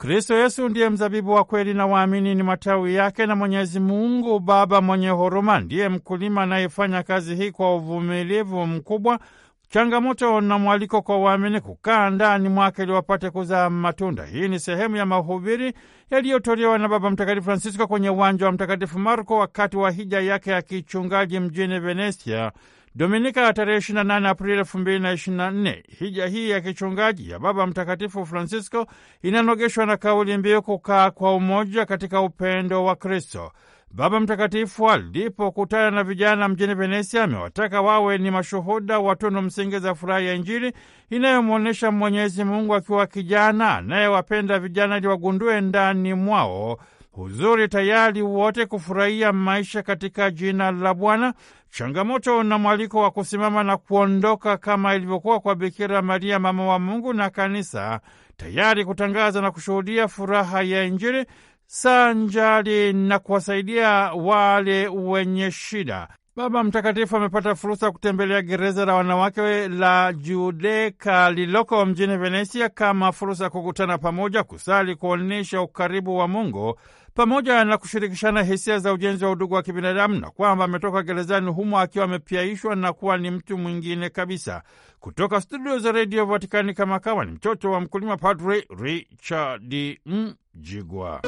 Kristo Yesu ndiye mzabibu wa kweli na waamini ni matawi yake, na Mwenyezi Mungu Baba mwenye huruma ndiye mkulima anayefanya kazi hii kwa uvumilivu mkubwa. Changamoto na mwaliko kwa waamini kukaa ndani mwake ili wapate kuzaa matunda. Hii ni sehemu ya mahubiri yaliyotolewa na Baba Mtakatifu Francisco kwenye uwanja wa Mtakatifu Marko wakati wa hija yake ya kichungaji mjini Venesia Dominika ya tarehe 28 Aprili 2024. Hija hii ya kichungaji ya Baba Mtakatifu Francisco inanogeshwa na kauli mbiu kukaa kwa umoja katika upendo wa Kristo. Baba Mtakatifu alipokutana na vijana mjini Venesia amewataka wawe ni mashuhuda wa tunu msingi za furaha ya Injili inayomwonyesha Mwenyezi Mungu akiwa kijana anayewapenda vijana ili wagundue ndani mwao huzuri, tayari wote kufurahia maisha katika jina la Bwana, changamoto na mwaliko wa kusimama na kuondoka, kama ilivyokuwa kwa Bikira Maria mama wa Mungu na Kanisa, tayari kutangaza na kushuhudia furaha ya Injili sanjari na kuwasaidia wale wenye shida. Baba Mtakatifu amepata fursa ya kutembelea gereza la wanawake la judeka lililoko mjini Venesia kama fursa ya kukutana pamoja, kusali, kuonyesha ukaribu wa Mungu pamoja na kushirikishana hisia za ujenzi wa udugu wa kibinadamu, na kwamba ametoka gerezani humo akiwa amepiaishwa na kuwa ni mtu mwingine kabisa. Kutoka studio za redio Vatikani, kama kawa ni mtoto wa mkulima, Padre Richard Mjigwa.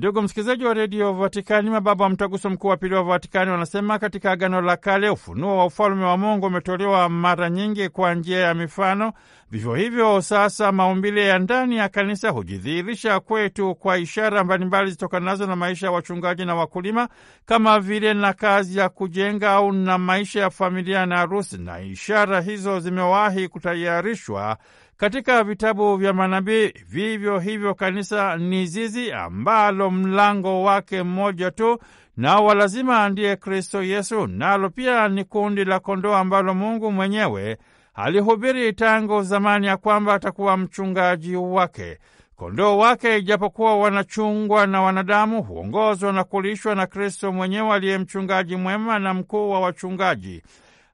Ndugu msikilizaji wa redio Vatikani, mababa wa mtaguso mkuu wa pili wa Vatikani wanasema katika Agano la Kale ufunuo wa ufalume wa Mungu umetolewa mara nyingi kwa njia ya mifano. Vivyo hivyo sasa, maumbile ya ndani ya kanisa hujidhihirisha kwetu kwa ishara mbalimbali zitokanazo na maisha ya wachungaji na wakulima, kama vile na kazi ya kujenga au na maisha ya familia na harusi, na ishara hizo zimewahi kutayarishwa katika vitabu vya manabii. Vivyo hivyo, kanisa ni zizi ambalo mlango wake mmoja tu na walazima ndiye Kristo Yesu, nalo pia ni kundi la kondoo ambalo Mungu mwenyewe alihubiri tangu zamani ya kwamba atakuwa mchungaji wake. Kondoo wake ijapokuwa wanachungwa na wanadamu, huongozwa na kulishwa na Kristo mwenyewe aliye mchungaji mwema na mkuu wa wachungaji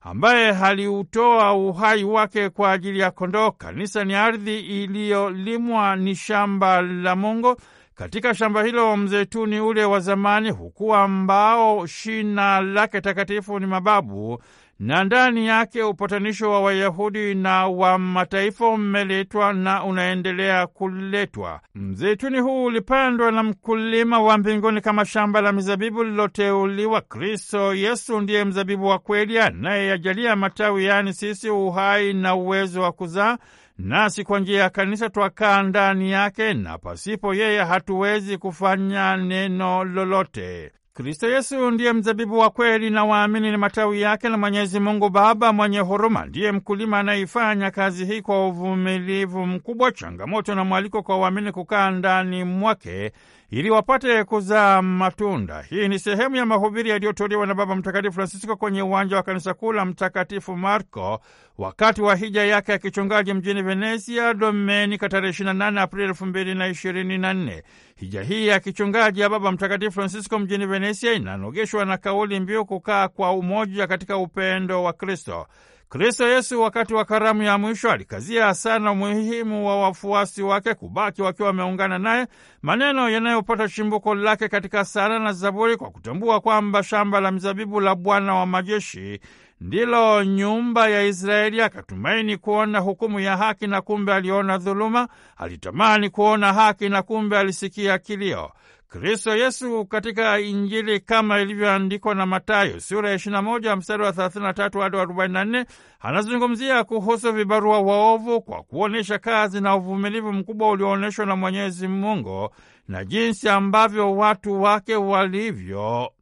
ambaye haliutoa uhai wake kwa ajili ya kondoo. Kanisa ni ardhi iliyolimwa, ni shamba la Mungu. Katika shamba hilo mzeituni ule wa zamani hukuwa mbao shina lake takatifu ni mababu na ndani yake upatanisho wa Wayahudi na wa mataifa umeletwa na unaendelea kuletwa. Mzeituni huu ulipandwa na mkulima wa mbinguni kama shamba la mizabibu liloteuliwa. Kristo Yesu ndiye mzabibu wa kweli anayeyajalia matawi, yaani sisi, uhai na uwezo wa kuzaa, nasi kwa njia ya kanisa twakaa ndani yake, na pasipo yeye hatuwezi kufanya neno lolote. Kristo Yesu ndiye mzabibu wa kweli na waamini ni matawi yake, na Mwenyezi Mungu Baba mwenye huruma ndiye mkulima anayeifanya kazi hii kwa uvumilivu mkubwa, changamoto na mwaliko kwa waamini kukaa ndani mwake ili wapate kuzaa matunda. Hii ni sehemu ya mahubiri yaliyotolewa na Baba Mtakatifu Francisco kwenye uwanja wa kanisa kuu la Mtakatifu Marko wakati wa hija yake ya kichungaji mjini Venezia, Domenika tarehe 28 Aprili 2024. Hija hii ya kichungaji ya Baba Mtakatifu Francisco mjini Venesia inanogeshwa na kauli mbiu kukaa kwa umoja katika upendo wa Kristo. Kristo Yesu wakati wa karamu ya mwisho alikazia sana umuhimu wa wafuasi wake kubaki wakiwa wameungana naye, maneno yanayopata chimbuko lake katika sala na Zaburi, kwa kutambua kwamba shamba la mizabibu la Bwana wa majeshi ndilo nyumba ya Israeli. Akatumaini kuona hukumu ya haki na kumbe aliona dhuluma, alitamani kuona haki na kumbe alisikia kilio. Kristo Yesu katika Injili kama ilivyoandikwa na matayo sura ya 21 mstari wa 33 hadi 44 anazungumzia kuhusu vibarua waovu kwa kuonyesha kazi na uvumilivu mkubwa ulioonyeshwa na Mwenyezi Mungu na jinsi ambavyo watu wake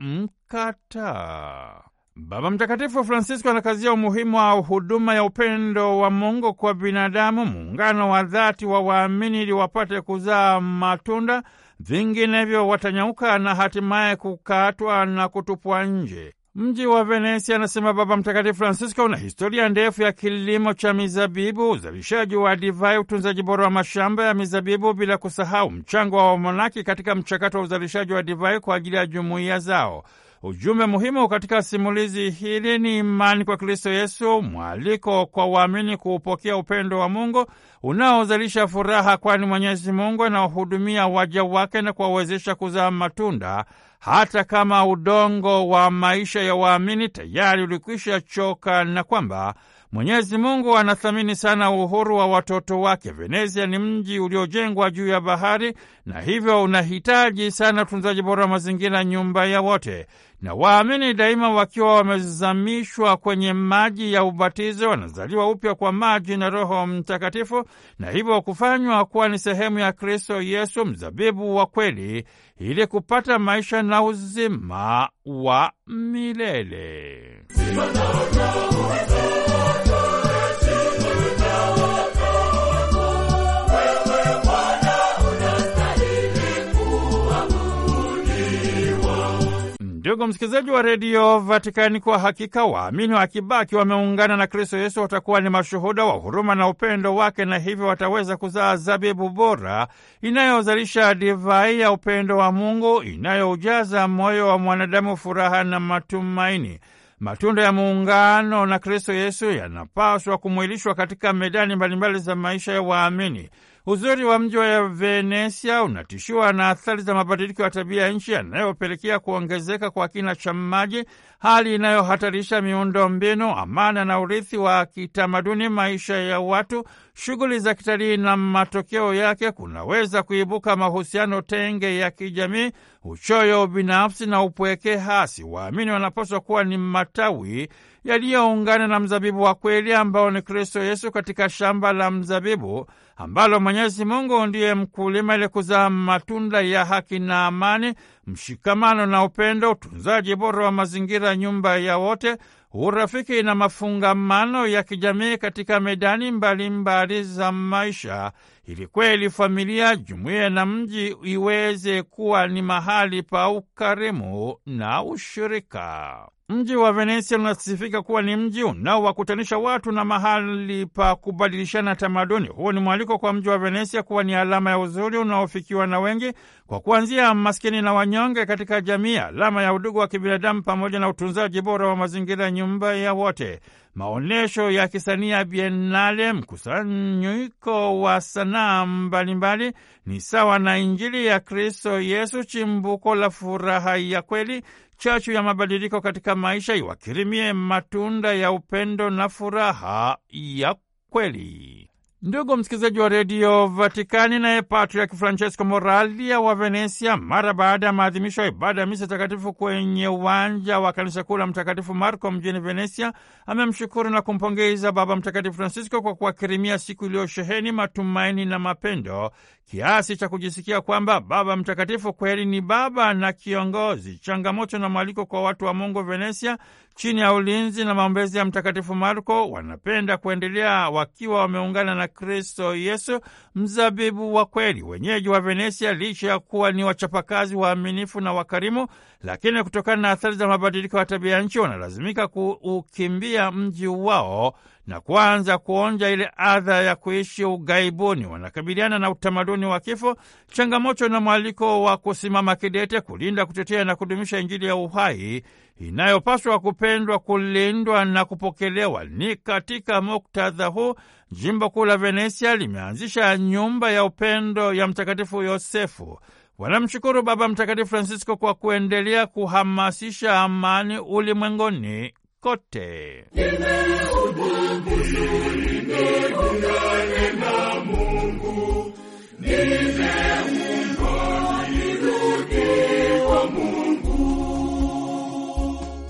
mkataa. Baba Mtakatifu Francisco anakazia umuhimu wa huduma ya upendo wa Mungu kwa binadamu, muungano wa dhati wa waamini ili wapate kuzaa matunda, vinginevyo watanyauka na hatimaye kukatwa na kutupwa nje. Mji wa Venesia, anasema Baba Mtakatifu Francisco, una historia ndefu ya kilimo cha mizabibu, uzalishaji wa divai, utunzaji bora wa mashamba ya mizabibu, bila kusahau mchango wa wamonaki katika mchakato wa uzalishaji wa divai kwa ajili ya jumuiya zao. Ujumbe muhimu katika simulizi hili ni imani kwa Kristo Yesu, mwaliko kwa waamini kuupokea upendo wa Mungu unaozalisha furaha, kwani Mwenyezi Mungu anawahudumia waja wake na kuwawezesha kuzaa matunda, hata kama udongo wa maisha ya waamini tayari ulikwisha choka na kwamba Mwenyezi Mungu anathamini sana uhuru wa watoto wake. Venezia ni mji uliojengwa juu ya bahari na hivyo unahitaji sana utunzaji bora mazingira, nyumba ya wote. Na waamini daima wakiwa wamezamishwa kwenye maji ya ubatizo, wanazaliwa upya kwa maji na Roho Mtakatifu, na hivyo kufanywa kuwa ni sehemu ya Kristo Yesu, mzabibu wa kweli, ili kupata maisha na uzima wa milele. Ndugu msikilizaji wa redio Vatikani, kwa hakika waamini wa Kibaki wameungana na Kristo Yesu watakuwa ni mashuhuda wa huruma na upendo wake, na hivyo wataweza kuzaa zabibu bora inayozalisha divai ya upendo wa Mungu inayoujaza moyo wa mwanadamu furaha na matumaini. Matunda ya muungano na Kristo Yesu yanapaswa kumwilishwa katika medani mbalimbali za maisha ya waamini. Uzuri wa mji wa Venesia unatishiwa na athari za mabadiliko ya tabia ya nchi yanayopelekea kuongezeka kwa kina cha maji, hali inayohatarisha miundo mbinu, amana na urithi wa kitamaduni, maisha ya watu, shughuli za kitalii, na matokeo yake kunaweza kuibuka mahusiano tenge ya kijamii, uchoyo binafsi na upweke hasi. Waamini wanapaswa kuwa ni matawi yaliyoungana na mzabibu wa kweli ambao ni Kristo Yesu katika shamba la mzabibu ambalo Mwenyezi Mungu ndiye mkulima ili kuzaa matunda ya haki na amani, mshikamano na upendo, utunzaji bora wa mazingira, nyumba ya wote urafiki na mafungamano ya kijamii katika medani mbalimbali za maisha, ili kweli familia, jumuiya na mji iweze kuwa ni mahali pa ukarimu na ushirika. Mji wa Venesia unasifika kuwa ni mji unaowakutanisha watu na mahali pa kubadilishana tamaduni. Huo ni mwaliko kwa mji wa Venesia kuwa ni alama ya uzuri unaofikiwa na wengi, kwa kuanzia maskini na wanyonge katika jamii, alama ya udugu wa kibinadamu pamoja na utunzaji bora wa mazingira nyumba ya wote, maonyesho ya kisanii ya Biennale, mkusanyiko wa sanaa mbalimbali ni sawa na Injili ya Kristo Yesu, chimbuko la furaha ya kweli, chachu ya mabadiliko katika maisha, iwakirimie matunda ya upendo na furaha ya kweli. Ndugu msikilizaji wa redio Vatikani, naye Patriak Francesco Moralia wa Venesia, mara baada ya maadhimisho ya ibada ya misa takatifu kwenye uwanja wa kanisa kuu la Mtakatifu marco mjini Venesia, amemshukuru na kumpongeza Baba Mtakatifu Francisco kwa kuwakirimia siku iliyosheheni matumaini na mapendo kiasi cha kujisikia kwamba Baba Mtakatifu kweli ni baba na kiongozi. Changamoto na mwaliko kwa watu wa Mungu Venesia, chini ya ulinzi na maombezi ya Mtakatifu Marko, wanapenda kuendelea wakiwa wameungana na Kristo Yesu, mzabibu wa kweli. Wenyeji wa Venesia, licha ya kuwa ni wachapakazi, waaminifu na wakarimu, lakini kutokana na athari za mabadiliko ya tabia ya nchi, wanalazimika kuukimbia mji wao na kuanza kuonja ile adha ya kuishi ughaibuni. Wanakabiliana na utamaduni wa kifo, changamoto na mwaliko wa kusimama kidete kulinda, kutetea na kudumisha Injili ya uhai inayopaswa kupendwa, kulindwa na kupokelewa. Ni katika muktadha huu jimbo kuu la Venesia limeanzisha nyumba ya upendo ya Mtakatifu Yosefu. Wanamshukuru Baba Mtakatifu Francisco kwa kuendelea kuhamasisha amani ulimwengoni kote.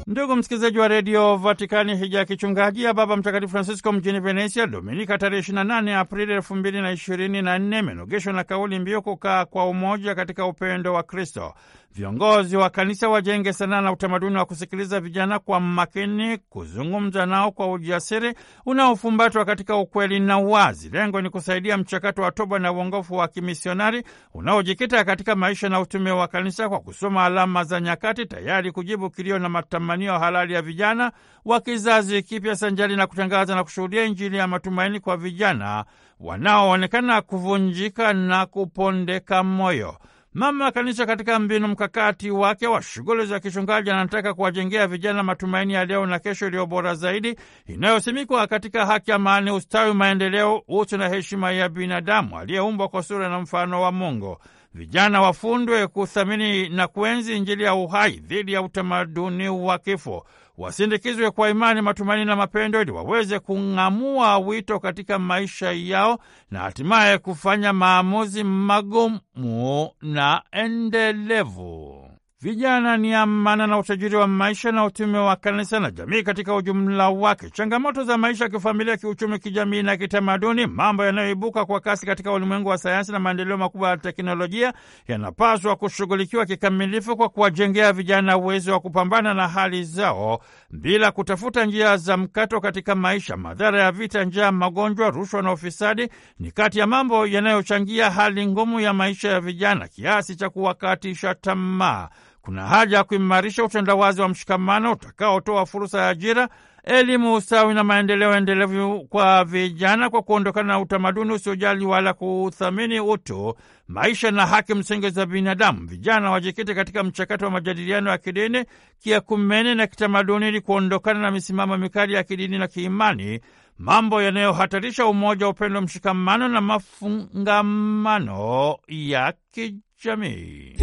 Ndugu msikilizaji wa redio Vatikani, hija ya kichungaji ya Baba Mtakatifu Francisco mjini Venesia, Dominika tarehe 28 Aprili 224 na imenogeshwa na kauli mbiu kukaa kwa umoja katika upendo wa Kristo. Viongozi wa kanisa wajenge sana na utamaduni wa kusikiliza vijana kwa makini, kuzungumza nao kwa ujasiri unaofumbatwa katika ukweli na uwazi. Lengo ni kusaidia mchakato wa toba na uongofu wa kimisionari unaojikita katika maisha na utume wa kanisa kwa kusoma alama za nyakati, tayari kujibu kilio na matamanio halali ya vijana wa kizazi kipya, sanjali na kutangaza na kushuhudia Injili ya matumaini kwa vijana wanaoonekana kuvunjika na kupondeka moyo. Mama Kanisa katika mbinu mkakati wake wa shughuli za kichungaji anataka kuwajengea vijana matumaini ya leo na kesho iliyo bora zaidi inayosimikwa katika haki, amani, ustawi, maendeleo, utu na heshima ya binadamu aliyeumbwa kwa sura na mfano wa Mungu vijana wafundwe kuthamini na kuenzi Injili ya uhai dhidi ya utamaduni wa kifo, wasindikizwe kwa imani, matumaini na mapendo, ili waweze kung'amua wito katika maisha yao na hatimaye kufanya maamuzi magumu na endelevu. Vijana ni amana na utajiri wa maisha na utume wa kanisa na jamii katika ujumla wake. Changamoto za maisha, kifamilia, kiuchumi, kijamii na kitamaduni, mambo yanayoibuka kwa kasi katika ulimwengu wa sayansi na maendeleo makubwa ya teknolojia, yanapaswa kushughulikiwa kikamilifu kwa kuwajengea vijana uwezo wa kupambana na hali zao bila kutafuta njia za mkato katika maisha. Madhara ya vita, njaa, magonjwa, rushwa na ufisadi ni kati ya mambo yanayochangia hali ngumu ya maisha ya vijana kiasi cha kuwakatisha tamaa. Kuna haja ya kuimarisha utandawazi wa mshikamano utakaotoa fursa ya ajira, elimu, usawi na maendeleo endelevu kwa vijana, kwa kuondokana na utamaduni usiojali wala kuuthamini utu, maisha na haki msingi za binadamu. Vijana wajikite katika mchakato wa majadiliano ya kidini, kiakumene na kitamaduni, ili kuondokana na misimamo mikali ya kidini na kiimani, mambo yanayohatarisha umoja, upendo, mshikamano na mafungamano ya kijamii. Jamie.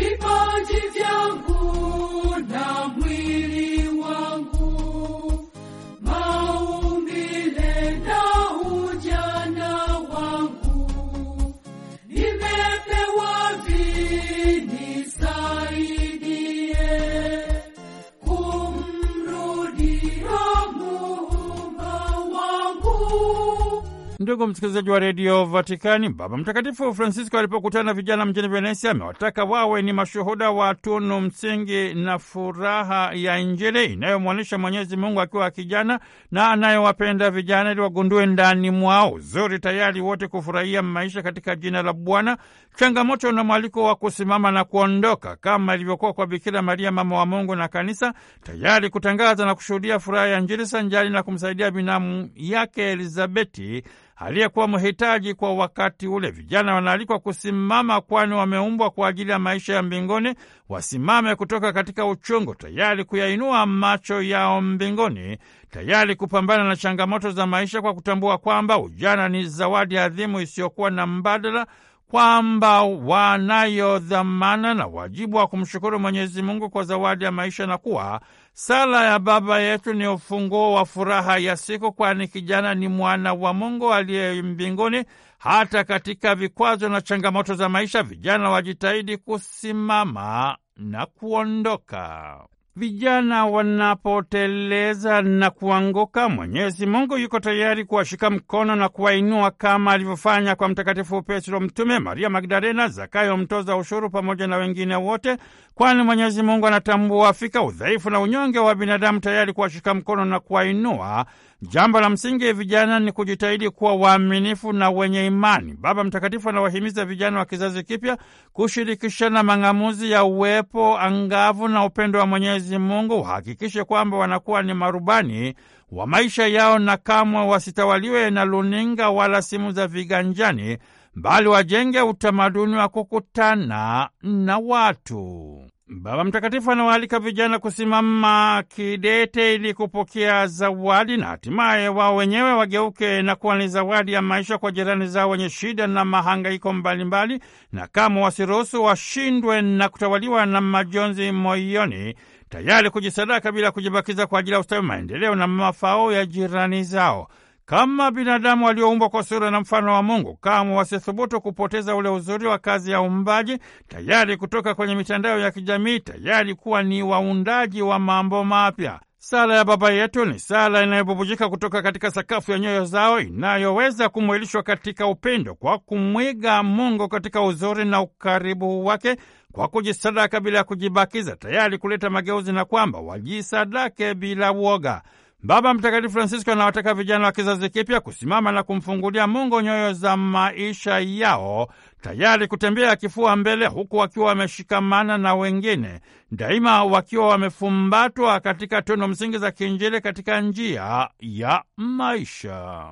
Ndugu msikilizaji wa redio Vatikani, Baba Mtakatifu Francisco alipokutana vijana mjini Venesia amewataka wawe ni mashuhuda wa tunu msingi na furaha ya Injili inayomwonyesha Mwenyezi Mungu akiwa kijana na anayewapenda vijana, ili wagundue ndani mwao uzuri tayari wote kufurahia maisha katika jina la Bwana, changamoto na mwaliko wa kusimama na kuondoka, kama ilivyokuwa kwa Bikira Maria mama wa Mungu na Kanisa, tayari kutangaza na kushuhudia furaha ya Injili sanjali na kumsaidia binamu yake Elizabeti aliyekuwa mhitaji kwa wakati ule. Vijana wanaalikwa kusimama, kwani wameumbwa kwa ajili ya maisha ya mbinguni. Wasimame kutoka katika uchungu, tayari kuyainua macho yao mbinguni, tayari kupambana na changamoto za maisha, kwa kutambua kwamba ujana ni zawadi adhimu isiyokuwa na mbadala kwamba wanayo dhamana na wajibu wa kumshukuru Mwenyezi Mungu kwa zawadi ya maisha na kuwa sala ya Baba yetu ni ufunguo wa furaha ya siku, kwani kijana ni mwana wa Mungu aliye mbinguni. Hata katika vikwazo na changamoto za maisha, vijana wajitahidi kusimama na kuondoka vijana wanapoteleza na kuanguka, Mwenyezi Mungu yuko tayari kuwashika mkono na kuwainua kama alivyofanya kwa Mtakatifu Petro Mtume, Maria Magdalena, Zakayo mtoza ushuru, pamoja na wengine wote, kwani Mwenyezi Mungu anatambua fika udhaifu na unyonge wa binadamu, tayari kuwashika mkono na kuwainua Jambo la msingi vijana ni kujitahidi kuwa waaminifu na wenye imani. Baba Mtakatifu anawahimiza vijana wa kizazi kipya kushirikishana mang'amuzi ya uwepo angavu na upendo wa Mwenyezi Mungu, wahakikishe kwamba wanakuwa ni marubani wa maisha yao na kamwe wasitawaliwe na luninga wala simu za viganjani, bali wajenge utamaduni wa kukutana na watu. Baba Mtakatifu anawaalika vijana kusimama kidete ili kupokea zawadi na hatimaye wao wenyewe wageuke na kuwa ni zawadi ya maisha kwa jirani zao wenye shida na mahangaiko mbalimbali, na kama wasiruhusu washindwe na kutawaliwa na majonzi moyoni, tayari kujisadaka bila kujibakiza kwa ajili ya ustawi, maendeleo na mafao ya jirani zao. Kama binadamu walioumbwa kwa sura na mfano wa Mungu, kamwe wasithubutu kupoteza ule uzuri wa kazi ya uumbaji, tayari kutoka kwenye mitandao ya kijamii, tayari kuwa ni waundaji wa mambo mapya. Sala ya Baba yetu ni sala inayobubujika kutoka katika sakafu ya nyoyo zao, inayoweza kumwilishwa katika upendo kwa kumwiga Mungu katika uzuri na ukaribu wake, kwa kujisadaka bila ya kujibakiza, tayari kuleta mageuzi, na kwamba wajisadake bila woga. Baba Mtakatifu Francisco anawataka vijana wa kizazi kipya kusimama na kumfungulia Mungu nyoyo za maisha yao, tayari kutembea kifua mbele, huku wakiwa wameshikamana na wengine, daima wakiwa wamefumbatwa katika tunu msingi za kiinjili katika njia ya maisha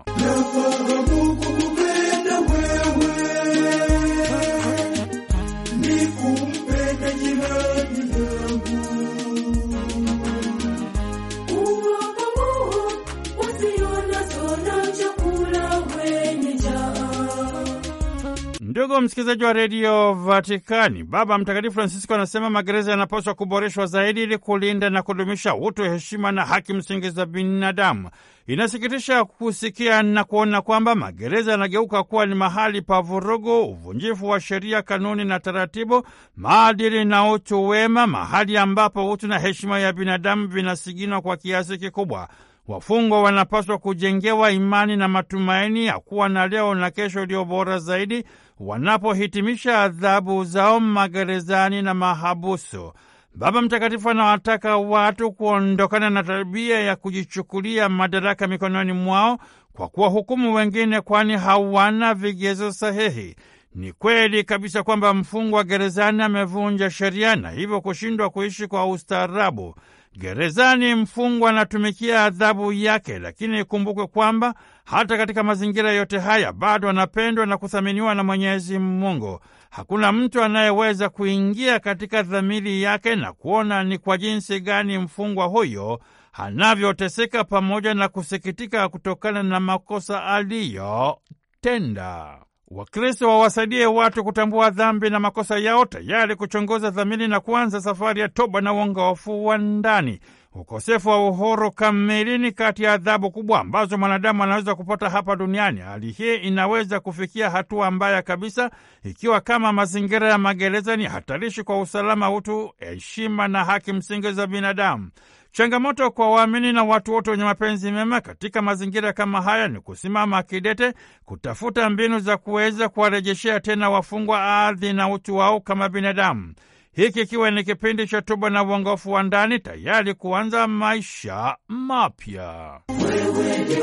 Ndugu msikilizaji wa redio Vatikani, Baba Mtakatifu Francisco anasema magereza yanapaswa kuboreshwa zaidi ili kulinda na kudumisha utu, heshima na haki msingi za binadamu. Inasikitisha kusikia na kuona kwamba magereza yanageuka kuwa ni mahali pa vurugu, uvunjifu wa sheria, kanuni na taratibu, maadili na utu wema, mahali ambapo utu na heshima ya binadamu vinasiginwa kwa kiasi kikubwa. Wafungwa wanapaswa kujengewa imani na matumaini ya kuwa na leo na kesho iliyo bora zaidi wanapohitimisha adhabu zao magerezani na mahabusu. Baba Mtakatifu anawataka watu kuondokana na tabia ya kujichukulia madaraka mikononi mwao kwa kuwahukumu wengine, kwani hawana vigezo sahihi. Ni kweli kabisa kwamba mfungwa gerezani amevunja sheria na hivyo kushindwa kuishi kwa ustaarabu. Gerezani mfungwa anatumikia adhabu yake, lakini ikumbukwe kwamba hata katika mazingira yote haya bado anapendwa na kuthaminiwa na Mwenyezi Mungu. Hakuna mtu anayeweza kuingia katika dhamiri yake na kuona ni kwa jinsi gani mfungwa huyo anavyoteseka pamoja na kusikitika kutokana na makosa aliyotenda. Wakristo wawasaidie watu kutambua dhambi na makosa yao, tayari kuchongoza dhamiri na kuanza safari ya toba na uongofu wa ndani. Ukosefu wa uhuru kamili ni kati ya adhabu kubwa ambazo mwanadamu anaweza kupata hapa duniani. Hali hii inaweza kufikia hatua mbaya kabisa ikiwa kama mazingira ya magereza ni hatarishi kwa usalama, utu, heshima na haki msingi za binadamu. Changamoto kwa waamini na watu wote wenye mapenzi mema katika mazingira kama haya ni kusimama kidete, kutafuta mbinu za kuweza kuwarejeshea tena wafungwa ardhi na utu wao kama binadamu, hiki ikiwa ni kipindi cha toba na uongofu wa ndani, tayari kuanza maisha mapya. Wewe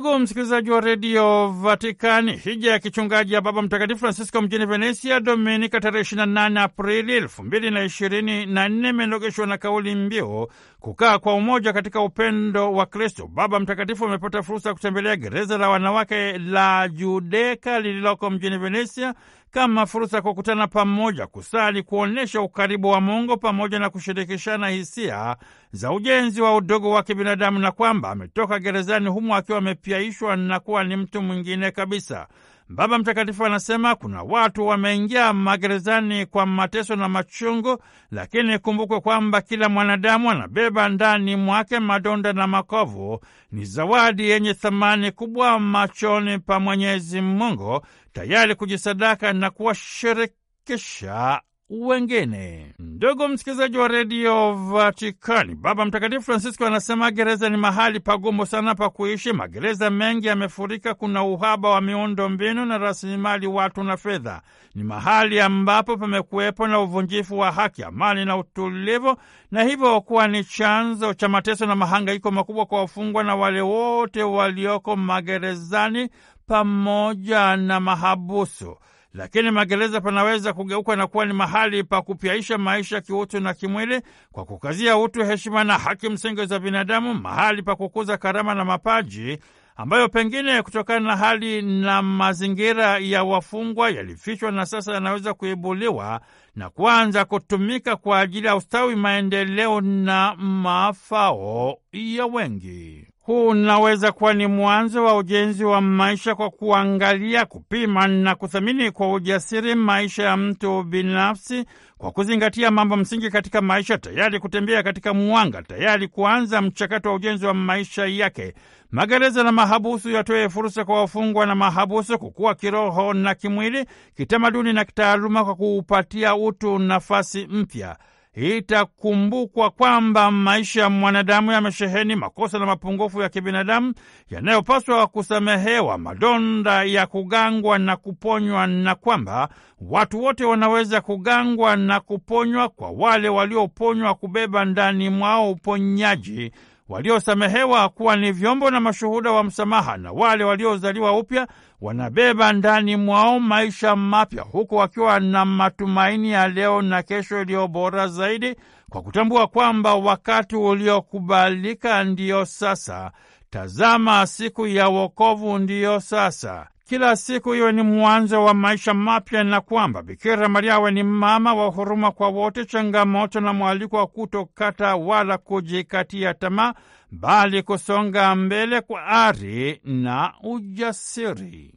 Ndugu msikilizaji wa redio Vatikani, hija ya kichungaji ya Baba Mtakatifu Francisco mjini Venesia, Dominika tarehe 28 Aprili 2024, imenogeshwa na kauli mbiu kukaa kwa umoja katika upendo wa Kristo. Baba Mtakatifu amepata fursa ya kutembelea gereza la wanawake la Judeka lililoko mjini Venesia kama fursa ya kukutana pamoja, kusali, kuonyesha ukaribu wa Mungu pamoja na kushirikishana hisia za ujenzi wa udogo wa kibinadamu, na kwamba ametoka gerezani humo akiwa amepyaishwa na kuwa ni mtu mwingine kabisa. Baba Mtakatifu anasema kuna watu wameingia magerezani kwa mateso na machungu, lakini kumbukwe kwamba kila mwanadamu anabeba ndani mwake madonda na makovu. Ni zawadi yenye thamani kubwa machoni pa Mwenyezi Mungu, tayari kujisadaka na kuwashirikisha wengine. Ndugu msikilizaji wa redio Vatikani, Baba Mtakatifu Francisco anasema gereza ni mahali pagumu sana pa kuishi. Magereza mengi yamefurika, kuna uhaba wa miundo mbinu na rasilimali watu na fedha. Ni mahali ambapo pamekuwepo na uvunjifu wa haki, amani na utulivu, na hivyo kuwa ni chanzo cha mateso na mahangaiko makubwa kwa wafungwa na wale wote walioko magerezani pamoja na mahabusu lakini magereza panaweza kugeuka na kuwa ni mahali pa kupyaisha maisha kiutu na kimwili kwa kukazia utu, heshima na haki msingi za binadamu, mahali pa kukuza karama na mapaji ambayo pengine kutokana na hali na mazingira ya wafungwa yalifichwa na sasa yanaweza kuibuliwa na kuanza kutumika kwa ajili ya ustawi, maendeleo na mafao ya wengi. Huu unaweza kuwa ni mwanzo wa ujenzi wa maisha kwa kuangalia, kupima na kuthamini kwa ujasiri maisha ya mtu binafsi kwa kuzingatia mambo msingi katika maisha, tayari kutembea katika mwanga, tayari kuanza mchakato wa ujenzi wa maisha yake. Magereza na mahabusu yatoe fursa kwa wafungwa na mahabusu kukua kiroho na kimwili, kitamaduni na kitaaluma, kwa kuupatia utu nafasi mpya itakumbukwa kwamba maisha ya mwanadamu yamesheheni makosa na mapungufu ya kibinadamu yanayopaswa kusamehewa, madonda ya kugangwa na kuponywa, na kwamba watu wote wanaweza kugangwa na kuponywa, kwa wale walioponywa kubeba ndani mwao uponyaji waliosamehewa kuwa ni vyombo na mashuhuda wa msamaha, na wale waliozaliwa upya wanabeba ndani mwao maisha mapya, huku wakiwa na matumaini ya leo na kesho iliyo bora zaidi, kwa kutambua kwamba wakati uliokubalika ndiyo sasa. Tazama, siku ya wokovu ndiyo sasa kila siku iwe ni mwanzo wa maisha mapya, na kwamba Bikira Maria awe ni mama wa huruma kwa wote, changamoto na mwaliko wa kutokata wala kujikatia tamaa, bali kusonga mbele kwa ari na ujasiri.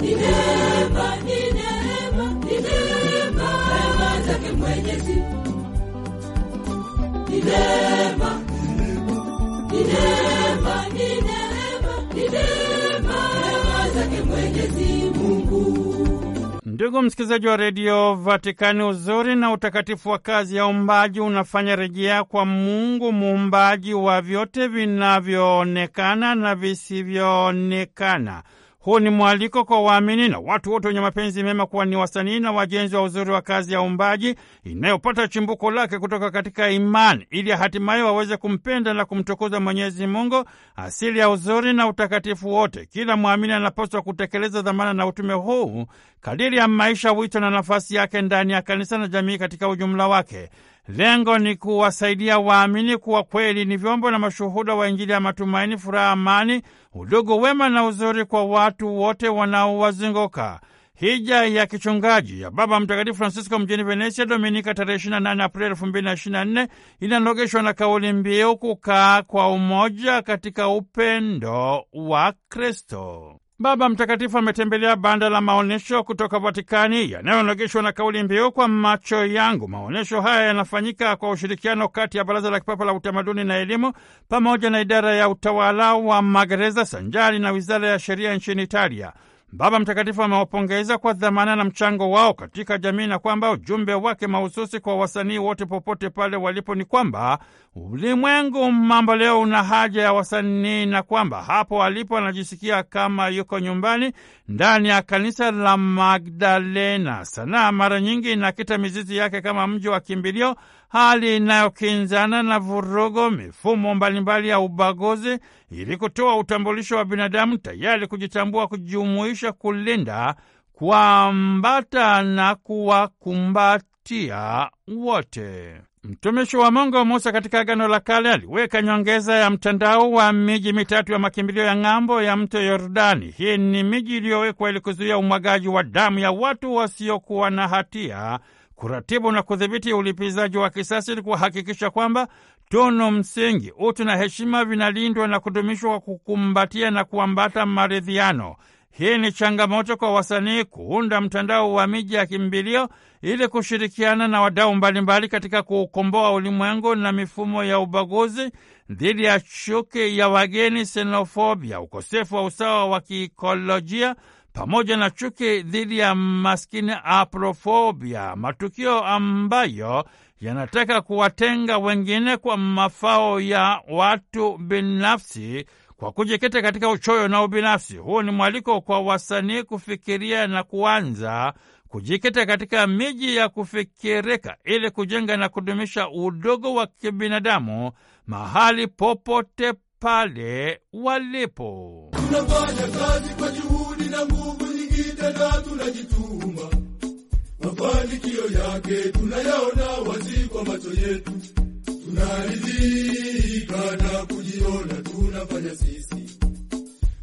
Ni Ndugu msikilizaji wa redio Vatikani, uzuri na utakatifu wa kazi ya umbaji unafanya rejea kwa Mungu muumbaji wa vyote vinavyoonekana na visivyoonekana. Huu ni mwaliko kwa waamini na watu wote wenye mapenzi mema kuwa ni wasanii na wajenzi wa uzuri wa kazi ya umbaji inayopata chimbuko lake kutoka katika imani, ili hatimaye waweze kumpenda na kumtukuza Mwenyezi Mungu, asili ya uzuri na utakatifu wote. Kila mwamini anapaswa kutekeleza dhamana na utume huu kadiri ya maisha, wito na nafasi yake ndani ya kanisa na jamii katika ujumla wake. Lengo ni kuwasaidia waamini kuwa kweli ni vyombo na mashuhuda wa Injili ya matumaini, furaha, amani, udugu, wema na uzuri kwa watu wote wanaowazunguka. Hija ya kichungaji ya Baba Mtakatifu Francisco mjini Venesia, Dominika tarehe 28 Aprili 2024 inanogeshwa na kauli mbiu kukaa kwa umoja katika upendo wa Kristo. Baba Mtakatifu ametembelea banda la maonyesho kutoka Vatikani yanayonogeshwa na kauli mbiu kwa macho yangu. Maonyesho haya yanafanyika kwa ushirikiano kati ya Baraza la Kipapa la Utamaduni na Elimu pamoja na idara ya utawala wa magereza sanjari na wizara ya sheria nchini Italia. Baba Mtakatifu amewapongeza kwa dhamana na mchango wao katika jamii na kwamba ujumbe wake mahususi kwa wasanii wote popote pale walipo ni kwamba ulimwengu mambo leo una haja ya wasanii na kwamba hapo alipo anajisikia kama yuko nyumbani ndani ya kanisa la Magdalena. Sanaa mara nyingi inakita mizizi yake kama mji wa kimbilio, hali inayokinzana na vurugo, mifumo mbalimbali ya ubaguzi, ili kutoa utambulisho wa binadamu tayari kujitambua, kujumuisha, kulinda, kuambata na kuwakumbatia wote. Mtumishi wa Mungu Musa katika Agano la Kale aliweka nyongeza ya mtandao wa miji mitatu ya makimbilio ya ng'ambo ya mto Yordani. Hii ni miji iliyowekwa ili kuzuia umwagaji wa damu ya watu wasiokuwa na hatia, kuratibu na kudhibiti ulipizaji wa kisasi ili kuhakikisha kwamba tunu msingi, utu na heshima vinalindwa na kudumishwa kwa kukumbatia na kuambata maridhiano. Hii ni changamoto kwa wasanii kuunda mtandao wa miji ya kimbilio ili kushirikiana na wadau mbalimbali katika kuukomboa ulimwengu na mifumo ya ubaguzi dhidi ya chuki ya wageni, senofobia, ukosefu wa usawa wa kiikolojia pamoja na chuki dhidi ya maskini, aprofobia, matukio ambayo yanataka kuwatenga wengine kwa mafao ya watu binafsi kwa kujikita katika uchoyo na ubinafsi. Huu ni mwaliko kwa wasanii kufikiria na kuanza kujikita katika miji ya kufikirika ili kujenga na kudumisha udogo wa kibinadamu mahali popote pale walipo. Tunafanya kazi kwa juhudi na nguvu nyingine na tunajituma, mafanikio yake tunayaona wazi kwa macho yetu tunaridhika na kujiona tunafanya sisi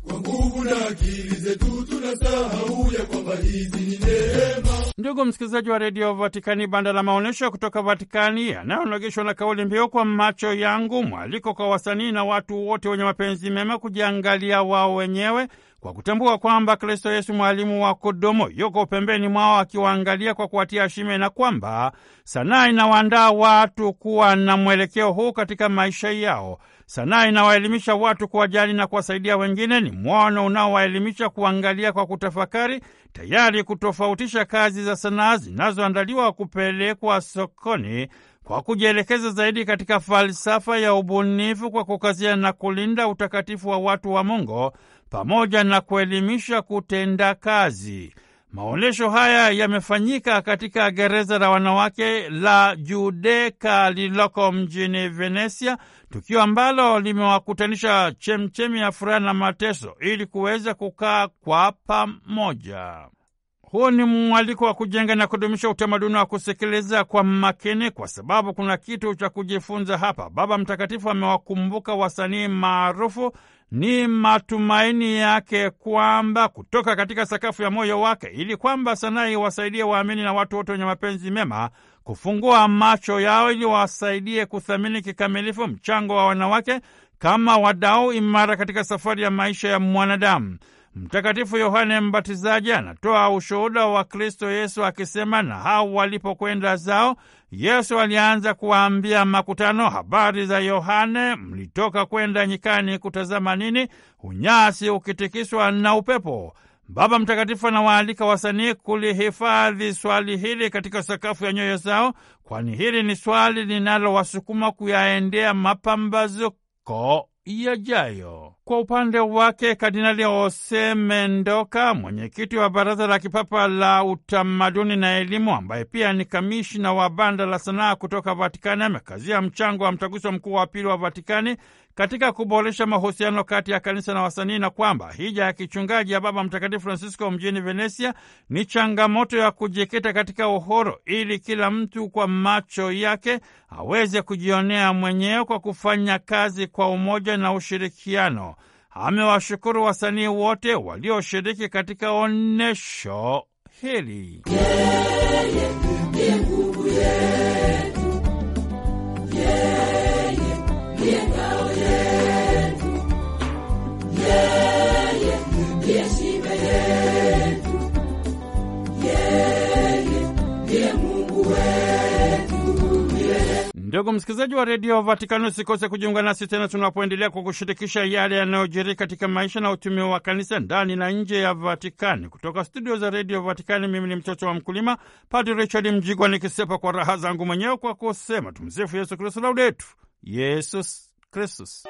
kwa nguvu na akili zetu, tunasahau ya kwamba hizi ni neema. Ndugu msikilizaji wa redio Vatikani, banda la maonyesho kutoka Vatikani yanayonogeshwa na kauli mbiu kwa macho yangu, mwaliko kwa wasanii na watu wote wenye mapenzi mema kujiangalia wao wenyewe kwa kutambua kwamba Kristo Yesu mwalimu wa kudumu yuko pembeni mwao akiwaangalia kwa kuwatia shime, na kwamba sanaa inawaandaa watu kuwa na mwelekeo huu katika maisha yao. Sanaa inawaelimisha watu kuwajali na kuwasaidia wengine. Ni mwono unaowaelimisha kuangalia kwa kutafakari, tayari kutofautisha kazi za sanaa zinazoandaliwa kupelekwa sokoni kwa kujielekeza zaidi katika falsafa ya ubunifu kwa kukazia na kulinda utakatifu wa watu wa Mungu pamoja na kuelimisha kutenda kazi. Maonyesho haya yamefanyika katika gereza la wanawake la Judeka lililoko mjini Venesia, tukio ambalo limewakutanisha chemchemi ya furaha na mateso ili kuweza kukaa kwa pamoja. Huu ni mwaliko wa kujenga na kudumisha utamaduni wa kusikiliza kwa makini, kwa sababu kuna kitu cha kujifunza hapa. Baba Mtakatifu amewakumbuka wasanii maarufu. Ni matumaini yake kwamba kutoka katika sakafu ya moyo wake, ili kwamba sanaa iwasaidie waamini na watu wote wenye mapenzi mema kufungua macho yao, ili wasaidie kuthamini kikamilifu mchango wa wanawake kama wadau imara katika safari ya maisha ya mwanadamu. Mtakatifu Yohane Mbatizaji anatoa ushuhuda wa Kristo Yesu akisema, na hao walipokwenda zao, Yesu alianza kuwaambia makutano habari za Yohane, mlitoka kwenda nyikani kutazama nini? Unyasi ukitikiswa na upepo. Baba Mtakatifu anawaalika wasanii kulihifadhi swali hili katika sakafu ya nyoyo zao, kwani hili ni swali linalowasukuma kuyaendea mapambazuko yajayo. Kwa upande wake, Kardinali Jose Mendoka, mwenyekiti wa Baraza la Kipapa la Utamaduni na Elimu, ambaye pia ni kamishna wa Banda la Sanaa kutoka Vatikani, amekazia mchango wa Mtaguso Mkuu wa Pili wa Vatikani katika kuboresha mahusiano kati ya kanisa na wasanii na kwamba hija ya kichungaji ya Baba Mtakatifu Francisco mjini Venesia ni changamoto ya kujikita katika uhoro ili kila mtu kwa macho yake aweze kujionea mwenyewe kwa kufanya kazi kwa umoja na ushirikiano. Amewashukuru wasanii wote walioshiriki katika onyesho hili. yeah, yeah, yeah, yeah, yeah. Ndugu msikilizaji wa redio Vatikani, usikose kujiunga nasi tena tunapoendelea kwa kushirikisha yale yanayojiri katika maisha na utumi wa kanisa ndani na nje ya Vatikani. Kutoka studio za redio Vatikani, mimi ni mtoto wa mkulima, Padre Richard Mjigwa, nikisepa kwa raha zangu mwenyewe kwa kusema tumsifu Yesu Kristu, laudetu Yesus Kristus.